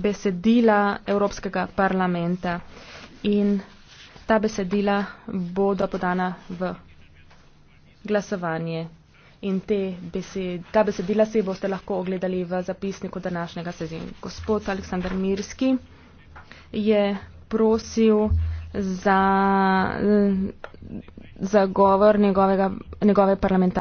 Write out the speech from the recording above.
besedila Evropskega parlamenta. In ta besedila bodo podana v glasovanje. In te besed, ta besedila se boste lahko ogledali v zapisniku današnjega sezina. Gospod Aleksandar Mirski je prosil za zagovor njegovega, njegove parlamentarne.